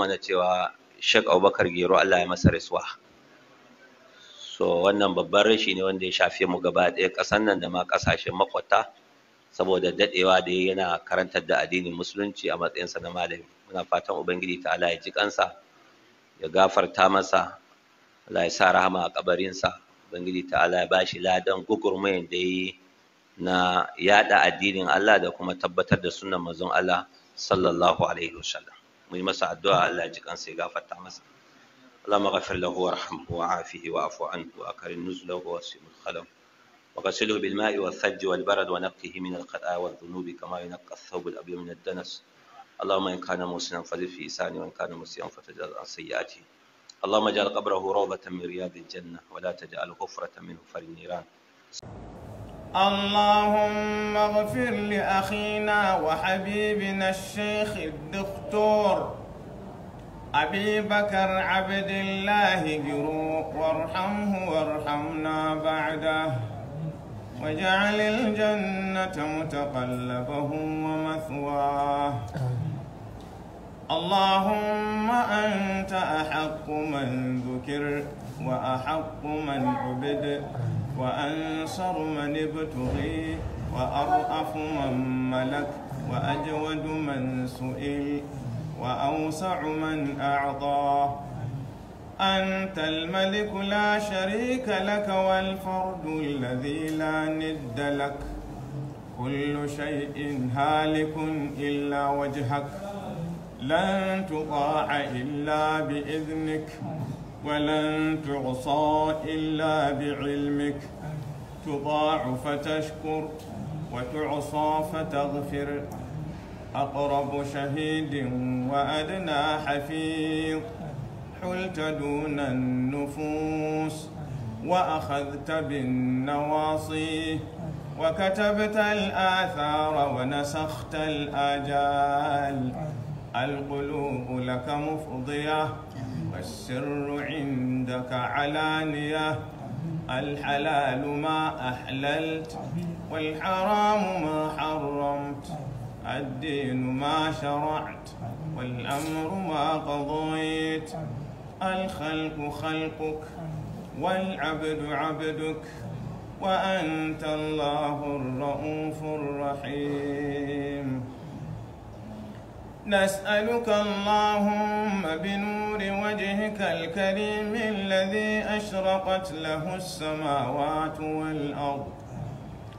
mana cewa Sheikh Abubakar Gero Allah ya masa rasuwa. So wannan babban rashi ne wanda ya shafe mu gaba ɗaya ƙasar nan da ma ƙasashen makwata saboda daɗewa da ya yana karantar da addinin musulunci a matsayinsa na malami. Muna fatan Ubangiji ta Allah ya ji kansa, ya gafarta masa, Allah ya sa rahama a kabarinsa, Ubangiji ta Allah ya ba shi ladan gugurmayin da ya na yaɗa addinin Allah da kuma tabbatar da sunan manzon Allah sallallahu alaihi wasallam. mu yi masa addu'a أن سيقاف التعمس kansa ya اللهم اغفر له ورحمه وعافه وعفو عنه وأكر نزله ووسع مدخله وغسله بالماء والثلج والبرد ونقه من القراء والذنوب كما ينقى الثوب الابيض من الدنس اللهم ان كان موسنا فزد في إساني وان كان مسيئا فتجعل عن سيئاته اللهم اجعل قبره روضة من رياض الجنة ولا تجعل غفرة من غفر النيران اللهم واغفر لأخينا وحبيبنا الشيخ الدكتور أبي بكر عبد الله جرو وارحمه وارحمنا بعده واجعل الجنة متقلبه ومثواه اللهم أنت أحق من ذكر وأحق من عبد وأنصر من ابتغي وأرأف من ملك وأجود من سئل وأوسع من أعطى أنت الملك لا شريك لك والفرد الذي لا ند لك كل شيء هالك إلا وجهك لن تطاع إلا بإذنك ولن تعصى إلا بعلمك تضاع فتشكر وتعصى فتغفر أقرب شهيد وأدنى حفيظ حلت دون النفوس وأخذت بالنواصي وكتبت الآثار ونسخت الآجال القلوب لك مفضية والسر عندك علانية الحلال ما أحللت والحرام ما حرمت الدين ما شرعت والأمر ما قضيت الخلق خلقك والعبد عبدك وأنت الله الرؤوف الرحيم نسألك اللهم بنور وجهك الكريم الذي أشرقت له السماوات والأرض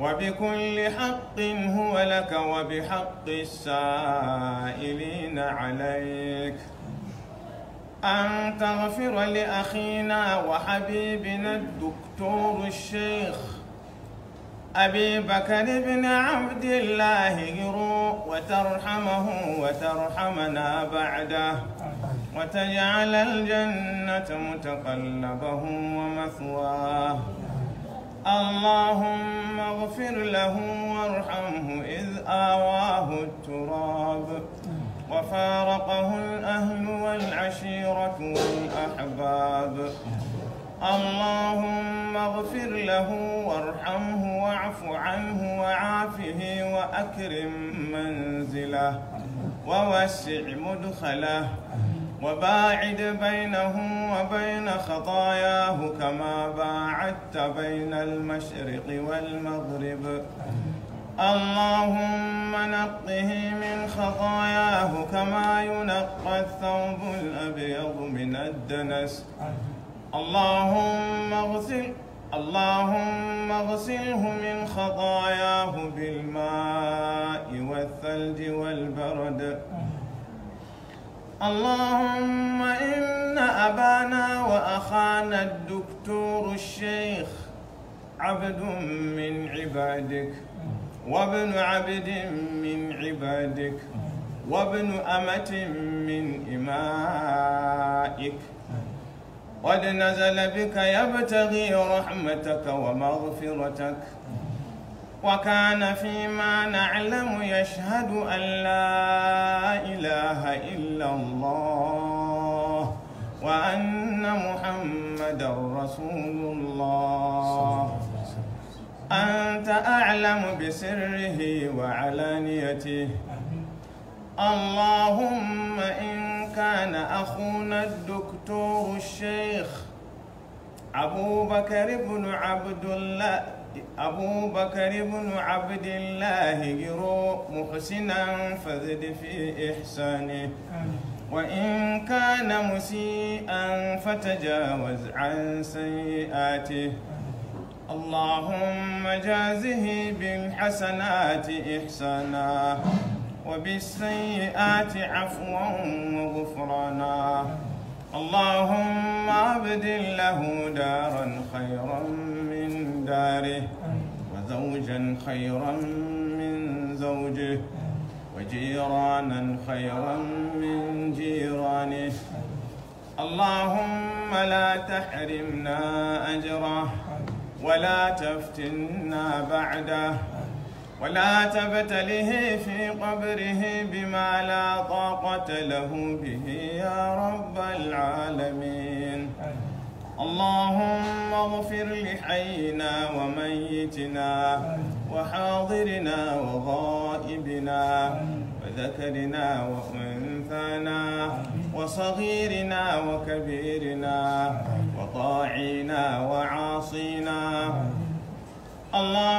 وبكل حق هو لك وبحق السائلين عليك أن تغفر لأخينا وحبيبنا الدكتور الشيخ أبي بكر بن عبد الله يرو وترحمه وترحمنا بعده وتجعل الجنة متقلبه ومثواه اللهم اغفر له وارحمه إذ آواه التراب وفارقه الأهل والعشيرة والأحباب اللهم اغفر له وارحمه واعف عنه وعافه وأكرم منزله ووسع مدخله وباعد بينه وبين خطاياه كما باعدت بين المشرق والمغرب اللهم نقه من خطاياه كما ينقى الثوب الأبيض من الدنس اللهم اغسل اللهم اغسله من خطاياه بالماء والثلج والبرد اللهم إن أبانا وأخانا الدكتور الشيخ عبد من عبادك وابن عبد من عبادك وابن أمة من إمائك قد نزل بك يبتغي رحمتك ومغفرتك وكان فيما نعلم يشهد أن لا إله إلا الله وأن محمدا رسول الله أنت أعلم بسره وعلانيته اللهم إن كان أخونا الدكتور الشيخ أبو بكر بن عبد الله أبو بكر بن عبد الله جرو محسنا فزد في إحسانه وإن كان مسيئا فتجاوز عن سيئاته اللهم جازه بالحسنات إحسانا وبالسيئات عفوا وغفرانا اللهم ابدل له دارا خيرا من داره وزوجا خيرا من زوجه وجيرانا خيرا من جيرانه اللهم لا تحرمنا أجره ولا تفتنا بعده ولا تبتله في قبره بما لا طاقة له به يا رب العالمين اللهم اغفر لحينا وميتنا وحاضرنا وغائبنا وذكرنا وأنثانا وصغيرنا وكبيرنا وطاعينا وعاصينا الله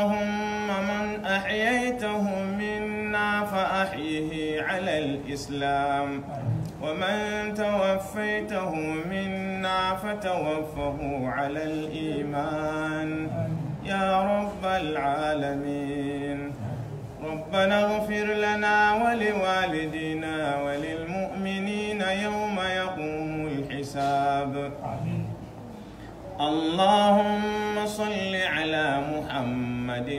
الإسلام ومن توفيته منا فتوفه على الإيمان يا رب العالمين ربنا اغفر لنا ولوالدينا وللمؤمنين يوم يقوم الحساب اللهم صل على محمد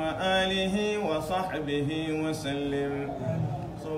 وآله وصحبه وسلم